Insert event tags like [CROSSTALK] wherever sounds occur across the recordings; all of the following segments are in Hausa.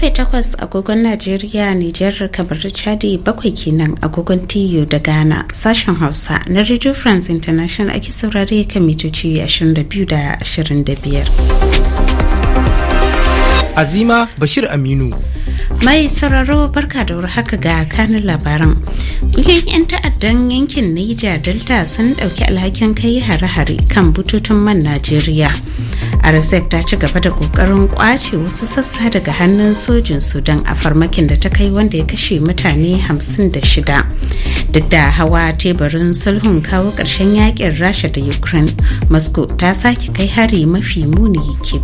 karfe 8 agogon najeriya nijar kamar chadi bakwai kenan agogon tiyo da ghana sashen hausa na radio france international ake saurare kan mitoci 22 da 25 azima bashir aminu mai sauraro barka da haka ga kanin labaran ƙungiyoyin 'yan ta'addan yankin niger delta sun ɗauki alhakin kai hare-hare kan bututun man najeriya rsf ta ci gaba da kokarin kwace wasu sassa daga hannun sojin sudan a farmakin da ta kai wanda ya kashe mutane 56 duk da hawa teburin sulhun kawo ƙarshen yakin rasha da ukraine moscow ta sake kai hari mafi muni kif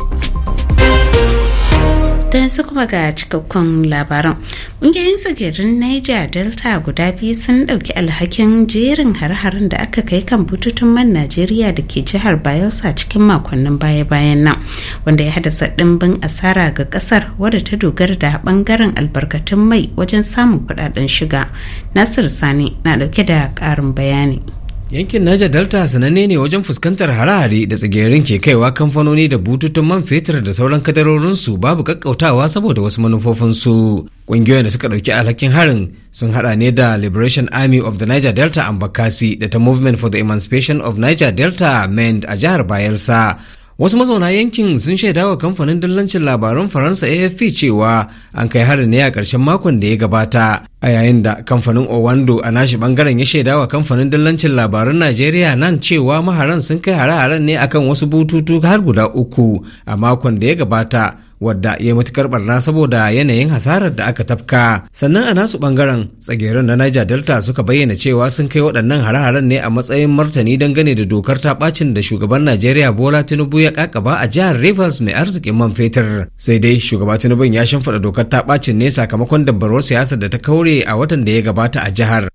ta su kuma ga cikakkun labaran ƙungiyoyin tsibirin niger delta guda biyu sun ɗauki alhakin jerin har-harin da aka kai kan bututun man najeriya da ke jihar bayelsa cikin makonnin baya-bayan nan wanda ya haddasa ɗimbin asara ga ƙasar wadda ta dogara da ɓangaren albarkatun mai wajen samun kuɗaɗen shiga nasir sani na ɗauke da ƙarin bayani yankin niger delta sananne ne wajen fuskantar hare-hare da tsigerin ke kaiwa kamfanoni da bututun man fetur da sauran kadarorinsu babu kakkautawa saboda wasu manufofinsu ƙungiyoyin da suka ɗauki alhakin harin sun haɗa ne da liberation army of the niger delta ambakasi da ta movement for the emancipation of niger delta mend a jihar bayelsa wasu mazauna yankin sun shaidawa kamfanin Dallancin labarun faransa afp cewa an kai harin ne a ƙarshen makon da ya gabata a yayin da kamfanin owando a nashi bangaren ya shaida wa kamfanin Dallancin labarun najeriya nan cewa maharan sun kai hare-haren ne akan wasu bututu har guda uku a makon da ya gabata wadda ya yi matukar barna saboda yanayin hasarar da aka tafka sannan a nasu bangaren tsagerin na niger delta suka bayyana cewa sun kai waɗannan hare-haren ne a matsayin martani dangane da dokar ta bacin da shugaban najeriya bola tinubu ya kakaba a jihar rivers mai arzikin man fetur sai dai shugaba tinubu ya shimfiɗa dokar ta bacin ne sakamakon dabbarwar siyasar da ta kaure a watan da ya gabata a jihar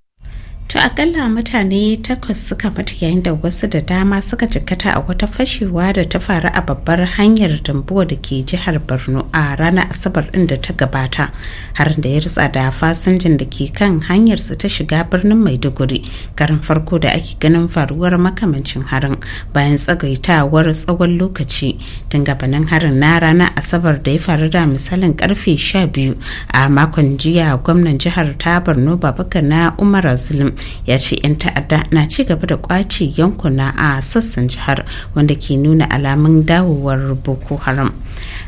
to akalla mutane takwas suka mutu yayin da wasu da dama suka jikkata a wata fashewa da ta faru a babbar hanyar dambuwa da ke jihar borno a ranar asabar din da ta gabata har da ya rutsa da fasinjin da ke kan hanyar su ta shiga birnin maiduguri karin farko da ake ganin faruwar makamancin harin bayan tsagaitawar tsawon lokaci tun gabanin harin na ranar asabar da ya faru da misalin karfe 12 a makon jiya gwamnan jihar ta borno babakar na umar azlim ya ce 'yan ta'adda na ci gaba da kwaci yankuna a sassan jihar wanda ke nuna alamun dawowar boko haram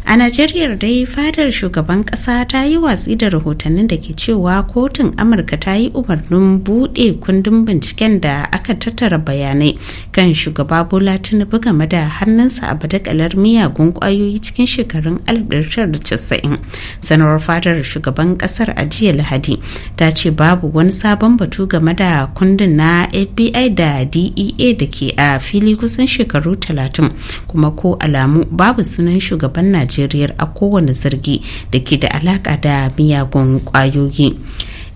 a najeriya dai fadar shugaban kasa ta yi watsi da rahotannin da ke cewa kotun amurka ta yi umarnin buɗe kundin binciken da aka tattara bayanai kan shugaba bola tinubu game da hannunsa a badakalar miyagun kwayoyi cikin shekarun 1990 sanarwar fadar shugaban kasar a jiya lahadi ta ce babu wani sabon batu game da da kundin na fbi da dea da ke a fili kusan shekaru 30 kuma ko alamu babu sunan shugaban najeriya a kowane zargi da ke da alaka da miyagun kwayoyi.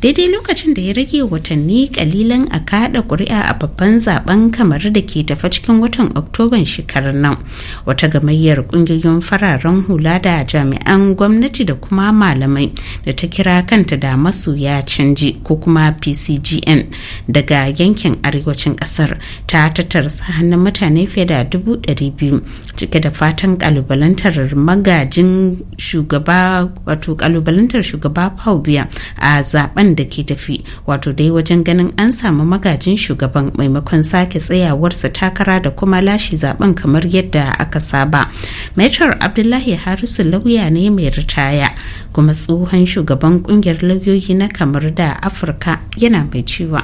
daidai lokacin da ya rage watanni kalilan a kada kuri'a a babban zaben kamar da ke tafa cikin watan oktoban shekarar nan wata gamayyar kungiyoyin fararen hula da jami'an gwamnati da kuma malamai da ta kira kanta da ya canji ko kuma pcgn daga yankin arewacin kasar ta sa hannun mutane fiye da dubu biyu cike da fatan kalubalantar magajin shugaba wato kalubalantar shugaba paubiya a zaben shari'an da ke tafi wato dai wajen ganin an samu magajin shugaban maimakon sake tsayawarsa takara da kuma lashe zaben kamar yadda aka saba metar abdullahi harisu lauya ne mai ritaya kuma tsohon shugaban kungiyar lauyoyi na kamar da afirka yana mai cewa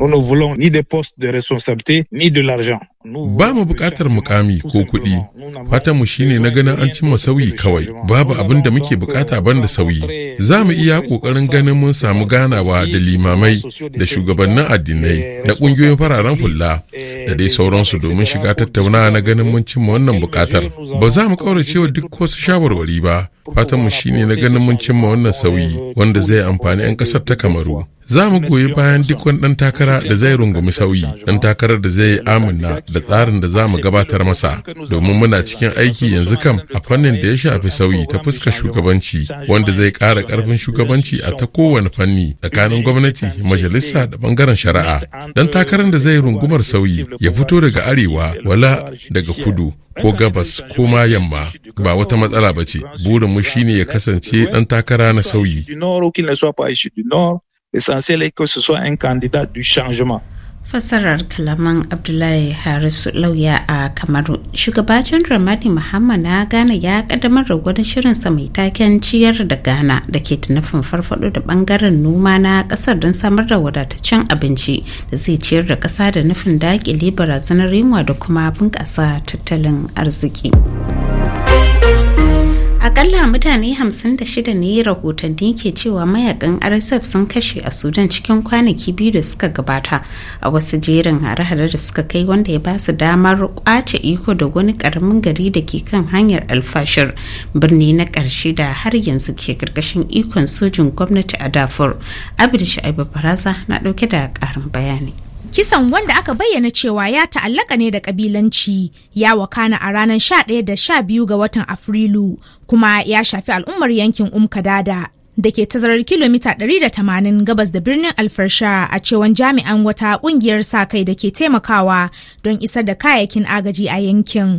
On ne voulons ni des postes de responsabilité ni de l'argent. Ba mu buƙatar mukami ko kuɗi, fatanmu shine na ganin an cimma sauyi kawai, babu abin da muke bukata ban da sauyi. Za mu iya ƙoƙarin ganin mun samu ganawa da limamai, da shugabannin addinai, da ƙungiyoyin fararen hula, da dai sauransu domin shiga tattaunawa na ganin mun cimma wannan bukatar Ba za mu ƙaurace wa duk wasu shawarwari ba, fatanmu shine na ganin mun cimma wannan sauyi wanda zai amfani 'yan ƙasar ta kamaru za mu goyi bayan duk wani ɗan takara da zai rungumi sauyi ɗan takarar da zai amina da tsarin da za mu gabatar masa domin muna cikin aiki yanzu kam a fannin da ya shafi sauyi ta fuska shugabanci wanda zai kara ƙarfin shugabanci a ta kowane fanni tsakanin gwamnati majalisa da bangaren shari'a don takarar da zai rungumar sauyi ya fito daga arewa wala daga kudu ko gabas ko ma yamma ba wata matsala ba ce burinmu shine ya kasance ɗan takara na sauyi L'essentiel est que ce soit un candidat du changement. fassarar kalaman abdullahi harisu lauya a kamaru shugabacin ramani muhammad na gana ya kaddamar da gwada shirinsa mai taken ciyar da ghana da ke da nufin farfado da bangaren noma na kasar don samar da wadataccen abinci da zai ciyar da kasa da nufin dakile barazanar yunwa da kuma bunƙasa tattalin arziki. akalla mutane 56 ne rahotanni ke cewa mayakan rsf sun kashe a sudan cikin kwanaki biyu da suka gabata a wasu jerin hare-hare da suka kai wanda ya basu damar kwace iko da wani karamin gari da ke kan hanyar alfashir birni na karshe da har yanzu ke karkashin ikon sojin gwamnati a dafur abdul sha'ibu baraza na dauke da karin bayani Kisan wanda aka bayyana cewa ya ta'allaka ne da kabilanci ya wakana a ranar 11 da 12 ga watan Afrilu kuma ya shafi al'ummar yankin Umkadada da ke tazarar kilomita 180 gabas da birnin alfarsha a cewan jami'an wata kungiyar sa-kai da ke taimakawa don isar da kayayyakin agaji a yankin.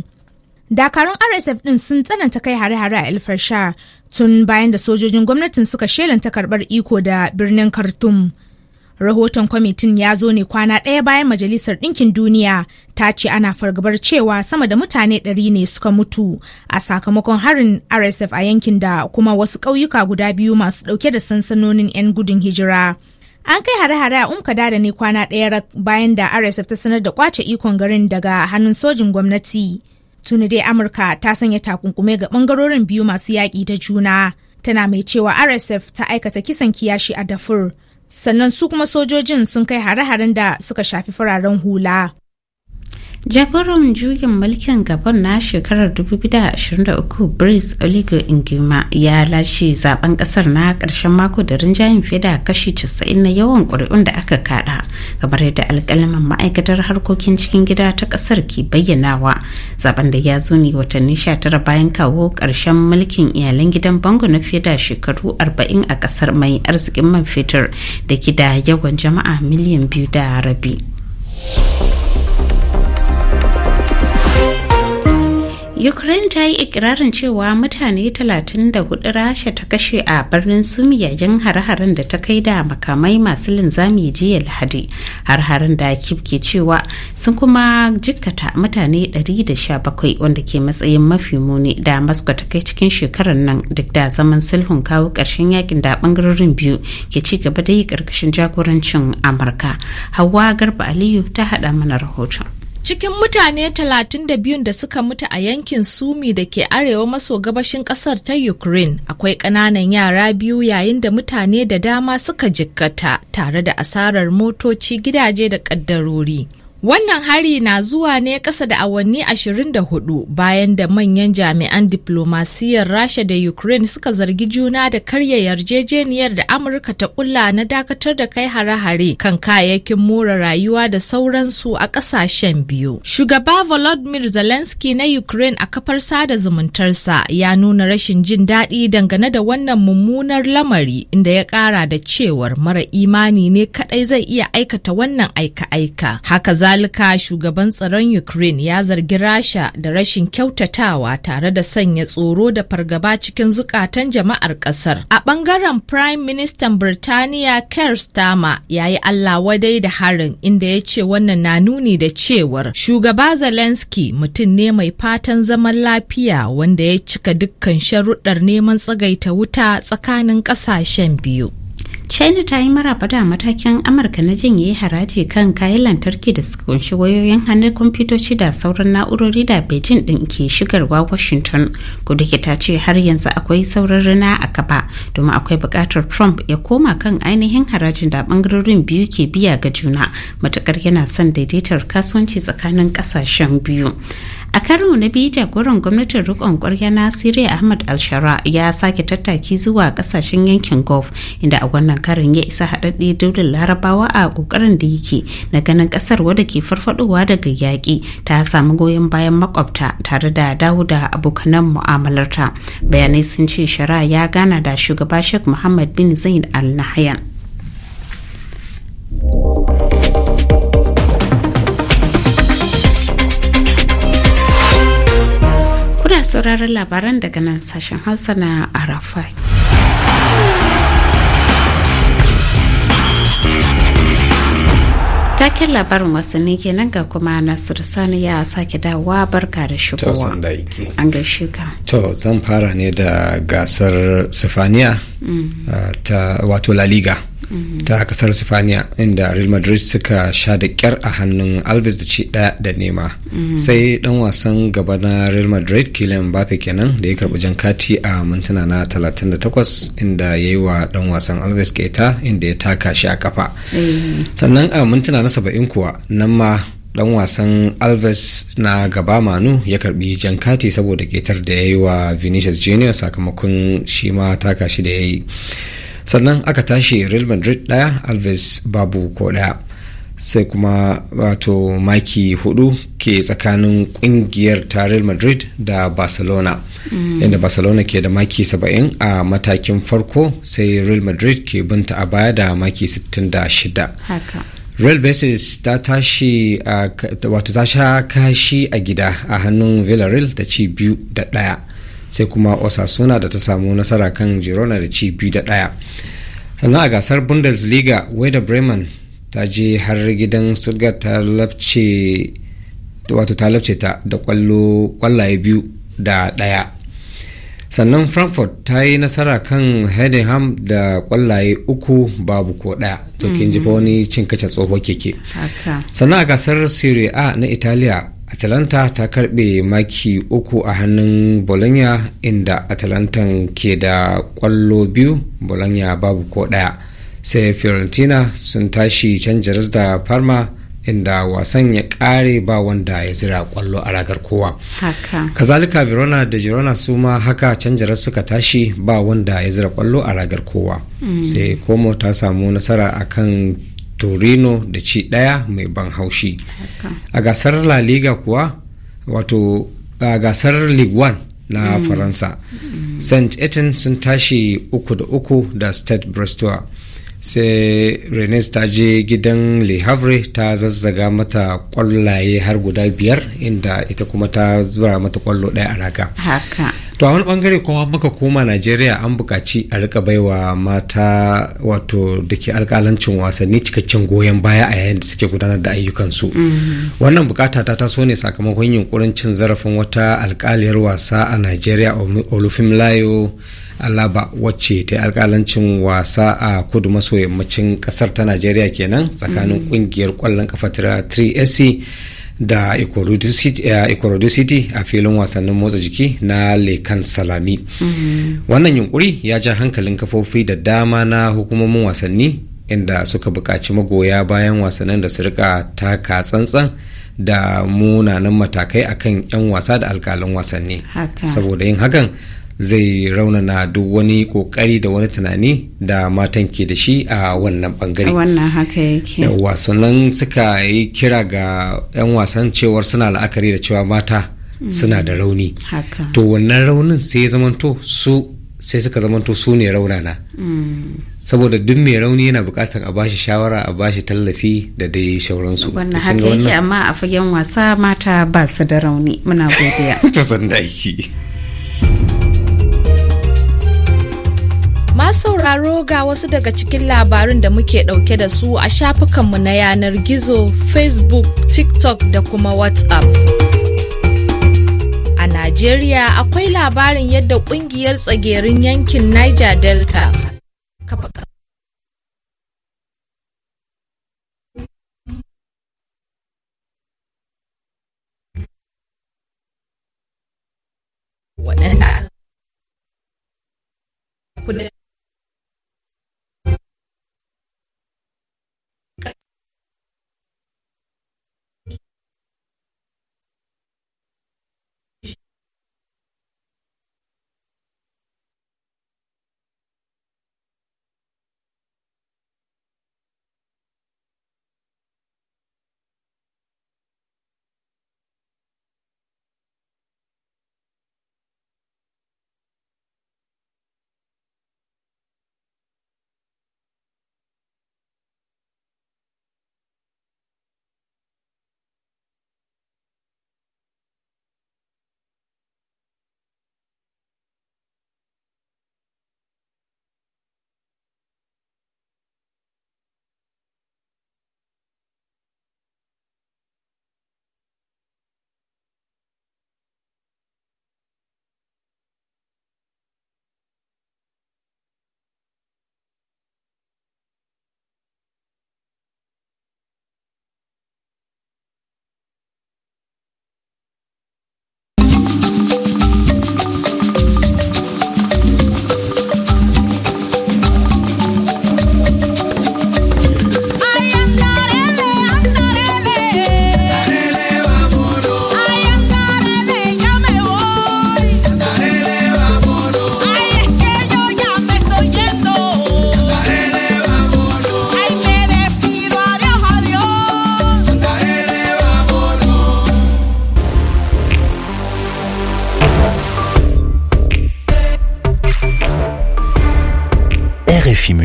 Dakarun RSF din sun tsananta kai hare-hare a alfarsha tun bayan da sojojin gwamnatin suka shelanta karbar iko da birnin Khartoum. Rahoton kwamitin ya zo ne kwana ɗaya bayan Majalisar Ɗinkin Duniya ta ce ana fargabar cewa sama da mutane ɗari ne suka mutu a sakamakon harin RSF a yankin da kuma wasu ƙauyuka guda biyu masu ɗauke da sansanonin 'yan gudun hijira. An kai hare-hare a Umkada da ne kwana ɗaya bayan da RSF ta sanar da kwace ikon garin daga hannun sojin gwamnati. Tuni dai Amurka ta sanya takunkume ga bangarorin biyu masu yaƙi ta juna. Tana mai cewa RSF ta aikata kisan kiyashi a Dafur. sannan su kuma sojojin sun kai hare-haren da suka shafi fararen hula jagoran juyin mulkin gabon na shekarar 2023 brice oligo ingima ya lashe zaben kasar na karshen mako da rinjayen fiye da kashi 90 na yawan ƙuri'un da aka kada kamar yadda alkalamin ma'aikatar harkokin cikin gida ta kasar ke bayyanawa zaben da ya zo ne watanni 19 bayan kawo karshen mulkin iyalan gidan bango na fiye da shekaru 40 a kasar mai arzikin man fetur da gida da yawan jama'a miliyan biyu da rabi. ukraine ta yi ikirarin cewa mutane 34 rasha ta kashe a birnin sumi yayin har harin da ta kai da makamai masu linzami jiya lahadi har harin da kif ke cewa sun kuma jikkata mutane 117 wanda ke matsayin mafi muni da moscow ta kai cikin shekarar nan duk da zaman sulhun kawo karshen yakin da bangarorin biyu ke ci gaba da yi karkashin jagorancin amurka hawa garba aliyu ta haɗa mana rahoton cikin mutane 32 da suka mutu a yankin sumi da ke arewa maso gabashin kasar ta ukraine akwai kananan yara biyu yayin da mutane da dama suka jikkata tare da asarar motoci gidaje da ƙaddarori Wannan hari na zuwa ne ƙasa da awanni 24 bayan da manyan jami'an diplomasiyar Rasha da Ukraine suka zargi juna da karya yarjejeniyar da Amurka ta ƙulla na dakatar da kai hare-hare kan kayayyakin more rayuwa da sauransu a ƙasashen biyu. Shugaba Volodymyr Zelensky na Ukraine a kafar sada zumuntarsa ya nuna rashin jin daɗi dangane da wannan mummunar lamari inda ya ƙara da cewar mara imani ne kaɗai zai iya aikata wannan aika-aika. Haka Alka, shugaban tsaron ukraine ya zargi rasha da rashin kyautatawa tare da sanya tsoro da fargaba cikin zukatan jama'ar kasar a bangaren prime minister birtaniya keir starmer ya yi allah wadai da harin inda ya ce wannan na nuni da cewar shugaba zelensky mutum ne mai fatan zaman lafiya wanda ya cika dukkan sharuɗar neman tsagaita wuta tsakanin ƙasashen biyu china ta yi maraba da matakin amurka na janye haraji kan kayan lantarki da suka kunshi wayoyin hannun kwamfutoci da sauran na'urori da beijing din ke shigarwa washington kuduki ta ce har yanzu akwai sauran rana a gaba domin akwai bukatar trump ya koma kan ainihin harajin da bangarorin biyu ke biya ga juna matukar yana son daidaitar kasuwanci tsakanin kasashen biyu a karo na biyu jagoran gwamnatin rikon kwarya na siriya ahmad alshara ya sake tattaki zuwa kasashen yankin gulf inda a wannan karin ya isa haɗaɗɗe daular larabawa a ƙoƙarin da yake na ganin ƙasar wadda ke farfadowa daga yaƙi ta samu goyon bayan makwabta tare da dawo da abokanan mu'amalarta bayanai sun ce shara ya gana da shugaba sheikh muhammad bin zain al nahyan sauraron labaran daga nan sashen hausa na arafai taken labarin wasanni kenan ga kuma nasiru sani ya sake dawowa barka da shigowa an gaishe ka to zan fara ne da gasar sifaniya mm. uh, ta wato la liga ta kasar sifaniya inda real madrid suka sha da kyar a hannun alves da ci ɗaya da nema sai dan wasan gaba na real madrid kilian mbappe kenan da ya karbi jan kati a mintuna na 38 inda ya yi wa dan wasan alves keta inda ya taka shi a kafa eh. sannan a mintuna na 70 kuwa nan ma dan wasan alves na gaba manu ya karbi jan kati saboda ketar da ya yi wa vinicius junior sakamakon shi ma taka shi da ya yi sannan aka tashi real madrid daya alves babu ko daya sai kuma wato maki hudu ke tsakanin kungiyar ta real madrid da barcelona mm. inda barcelona ke da maki 70 a matakin farko sai real madrid ke binta a baya da maki 66 real basis ta tashi wato ta sha kashi a gida a hannun villarreal da ci biyu da daya sai kuma osasuna da ta samu nasara kan girona da ci biyu da ɗaya sannan a gasar bundesliga da bremen ta je har gidan stuttgart ta labce wato ta labce ta da kwallaye biyu da ɗaya sannan frankfurt ta yi nasara kan heidenham da kwallaye uku babu ko ɗaya to kin ji mm-hmm. wani cin kace tsoho keke sannan a gasar serie a na italiya atalanta ta karbe maki uku a hannun bologna inda atalantan ke da kwallo biyu bologna babu ko daya sai fiorentina sun tashi can da parma inda wasan ya kare ba wanda ya zira kwallo a ragar kowa kazalika verona da girona su ma haka can suka tashi ba wanda ya zira kwallo a ragar kowa mm. sai komo ta samu nasara akan torino da ci daya mai ban haushi a gasar la liga kuwa wato a gasar league one na mm. faransa mm. st etienne sun tashi uku da uku da state bristol sai renes ta je gidan le havre ta zazzaga mata kwallaye har guda biyar inda ita kuma ta zura mata kwallo daya a raga to a wani bangare kuma muka koma najeriya an bukaci a rika baiwa mata wato da ke alkalancin wasanni cikakken goyon baya a yayin da suke gudanar da ayyukansu mm-hmm. wannan bukata ta taso ne sakamakon yunkurin cin zarafin wata alkaliyar wasa a najeriya layo alaba wacce ta yi alkalancin wasa a kudu maso yammacin kasar ta najeriya kenan tsakanin kungiyar mm-hmm. kwallon kafa 3 sc da eh, ikorodu city a filin wasannin motsa jiki na lekan salami mm-hmm. wannan yunkuri ya ja hankalin kafofi da dama na hukumomin wasanni inda suka buƙaci magoya bayan wasannin da su rika taka tsantsan da munanan matakai akan 'yan wasa da alkalin wasanni saboda yin hakan zai raunana duk wani kokari da wani tunani da matan ke da shi a wannan bangare wannan haka yake Wasannin suka yi kira ga 'yan wasan cewar suna la'akari da cewa mata mm. suna da rauni to wannan raunin sai ya zamanto su sai suka zamanto su ne raunana mm. saboda duk mai rauni yana bukatar a bashi shawara a bashi tallafi da dai shauransu wannan haka yake amma a fagen wasa mata ba su da rauni muna godiya [LAUGHS] ta sanda Masu sauraro ga wasu daga cikin labarin da muke ɗauke da su a shafukanmu na yanar gizo, Facebook, TikTok da kuma WhatsApp. A Najeriya akwai labarin yadda ƙungiyar tsagerin yankin Niger Delta.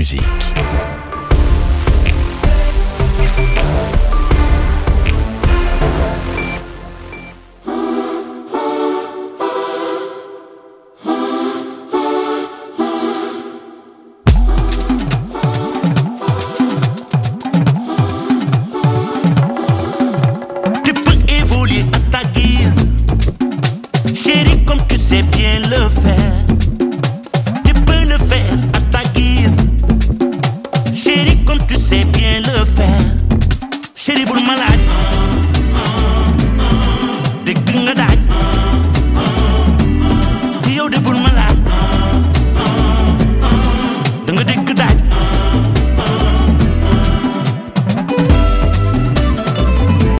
musique.